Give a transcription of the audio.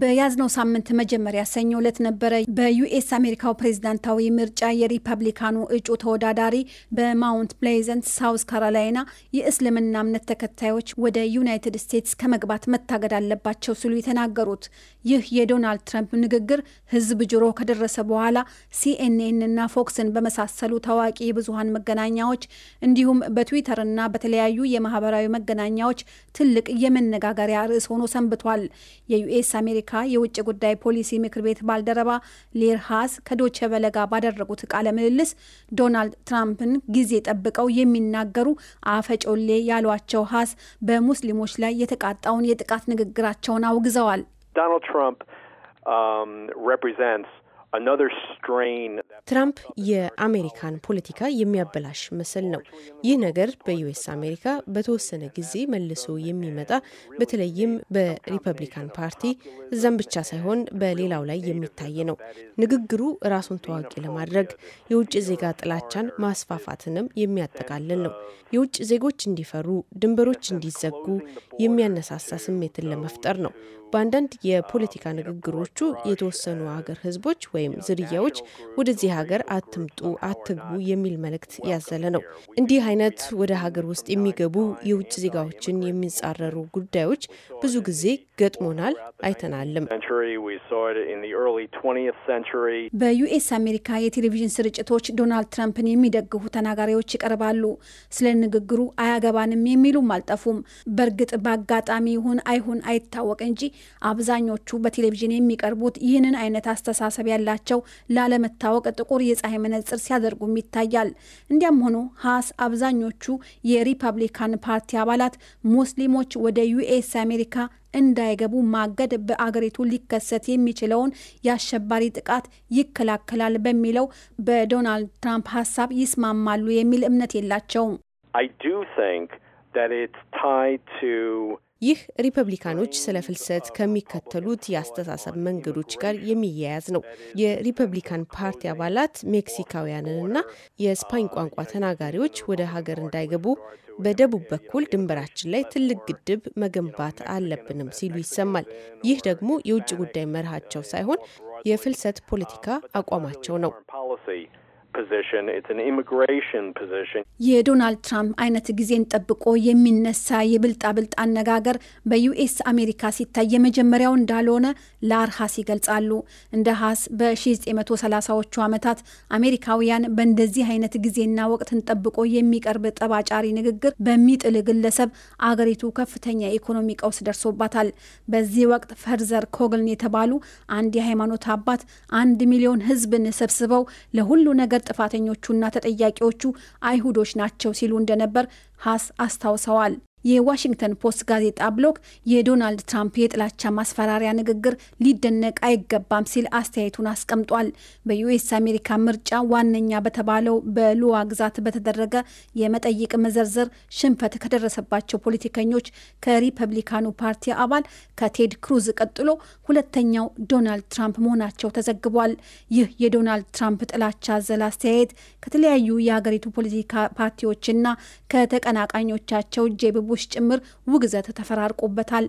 በያዝነው ሳምንት መጀመሪያ ሰኞ ዕለት ነበረ በዩኤስ አሜሪካው ፕሬዝዳንታዊ ምርጫ የሪፐብሊካኑ እጩ ተወዳዳሪ በማውንት ፕሌዘንት ሳውስ ካሮላይና የእስልምና እምነት ተከታዮች ወደ ዩናይትድ ስቴትስ ከመግባት መታገድ አለባቸው ሲሉ የተናገሩት። ይህ የዶናልድ ትራምፕ ንግግር ሕዝብ ጆሮ ከደረሰ በኋላ ሲኤንኤን እና ፎክስን በመሳሰሉ ታዋቂ የብዙሀን መገናኛዎች እንዲሁም በትዊተርና በተለያዩ የማህበራዊ መገናኛዎች ትልቅ የመነጋገሪያ ርዕስ ሆኖ ሰንብቷል። የዩኤስ የአሜሪካ የውጭ ጉዳይ ፖሊሲ ምክር ቤት ባልደረባ ሌር ሃስ ከዶቼ ቬለ ጋር ባደረጉት ቃለ ምልልስ ዶናልድ ትራምፕን ጊዜ ጠብቀው የሚናገሩ አፈጮሌ ያሏቸው ሃስ በሙስሊሞች ላይ የተቃጣውን የጥቃት ንግግራቸውን አውግዘዋል። ዶናልድ ትራምፕ ትራምፕ የአሜሪካን ፖለቲካ የሚያበላሽ ምስል ነው። ይህ ነገር በዩኤስ አሜሪካ በተወሰነ ጊዜ መልሶ የሚመጣ በተለይም በሪፐብሊካን ፓርቲ እዛም ብቻ ሳይሆን በሌላው ላይ የሚታይ ነው። ንግግሩ ራሱን ታዋቂ ለማድረግ የውጭ ዜጋ ጥላቻን ማስፋፋትንም የሚያጠቃልል ነው። የውጭ ዜጎች እንዲፈሩ፣ ድንበሮች እንዲዘጉ የሚያነሳሳ ስሜትን ለመፍጠር ነው። በአንዳንድ የፖለቲካ uh, ንግግሮቹ የተወሰኑ ሀገር ህዝቦች ወይም ዝርያዎች ወደዚህ ሀገር አትምጡ፣ አትግቡ የሚል መልእክት ያዘለ ነው። እንዲህ አይነት ወደ ሀገር ውስጥ የሚገቡ የውጭ ዜጋዎችን የሚጻረሩ ጉዳዮች ብዙ ጊዜ ገጥሞናል፣ አይተናልም። በዩኤስ አሜሪካ የቴሌቪዥን ስርጭቶች ዶናልድ ትራምፕን የሚደግፉ ተናጋሪዎች ይቀርባሉ። ስለ ንግግሩ አያገባንም የሚሉም አልጠፉም። በእርግጥ በአጋጣሚ ይሁን አይሁን አይታወቅ እንጂ አብዛኞቹ በቴሌቪዥን የሚቀርቡት ይህንን አይነት አስተሳሰብ ያለ እንደሌላቸው ላለመታወቅ ጥቁር የፀሐይ መነጽር ሲያደርጉም ይታያል። እንዲያም ሆኖ ሀስ አብዛኞቹ የሪፐብሊካን ፓርቲ አባላት ሙስሊሞች ወደ ዩኤስ አሜሪካ እንዳይገቡ ማገድ በአገሪቱ ሊከሰት የሚችለውን የአሸባሪ ጥቃት ይከላከላል በሚለው በዶናልድ ትራምፕ ሀሳብ ይስማማሉ የሚል እምነት የላቸውም። ይህ ሪፐብሊካኖች ስለ ፍልሰት ከሚከተሉት የአስተሳሰብ መንገዶች ጋር የሚያያዝ ነው። የሪፐብሊካን ፓርቲ አባላት ሜክሲካውያንንና የስፓኝ ቋንቋ ተናጋሪዎች ወደ ሀገር እንዳይገቡ በደቡብ በኩል ድንበራችን ላይ ትልቅ ግድብ መገንባት አለብንም ሲሉ ይሰማል። ይህ ደግሞ የውጭ ጉዳይ መርሃቸው ሳይሆን የፍልሰት ፖለቲካ አቋማቸው ነው። የዶናልድ ትራምፕ አይነት ጊዜን ጠብቆ የሚነሳ የብልጣብልጥ አነጋገር በዩኤስ አሜሪካ ሲታይ የመጀመሪያው እንዳልሆነ ለአርሃስ ይገልጻሉ። እንደ ሀስ በ1930ዎቹ ዓመታት አሜሪካውያን በእንደዚህ አይነት ጊዜና ወቅትን ጠብቆ የሚቀርብ ጠባጫሪ ንግግር በሚጥል ግለሰብ አገሪቱ ከፍተኛ የኢኮኖሚ ቀውስ ደርሶባታል። በዚህ ወቅት ፈርዘር ኮግልን የተባሉ አንድ የሃይማኖት አባት አንድ ሚሊዮን ህዝብን ሰብስበው ለሁሉ ነገር ጥፋተኞቹና ተጠያቂዎቹ አይሁዶች ናቸው ሲሉ እንደነበር ሀስ አስታውሰዋል። የዋሽንግተን ፖስት ጋዜጣ ብሎክ የዶናልድ ትራምፕ የጥላቻ ማስፈራሪያ ንግግር ሊደነቅ አይገባም ሲል አስተያየቱን አስቀምጧል። በዩኤስ አሜሪካ ምርጫ ዋነኛ በተባለው በሉዋ ግዛት በተደረገ የመጠይቅ መዘርዘር ሽንፈት ከደረሰባቸው ፖለቲከኞች ከሪፐብሊካኑ ፓርቲ አባል ከቴድ ክሩዝ ቀጥሎ ሁለተኛው ዶናልድ ትራምፕ መሆናቸው ተዘግቧል። ይህ የዶናልድ ትራምፕ ጥላቻ ዘል አስተያየት ከተለያዩ የሀገሪቱ ፖለቲካ ፓርቲዎችና ከተቀናቃኞቻቸው ጄብ ውስጥ ጭምር ውግዘት ተፈራርቆበታል።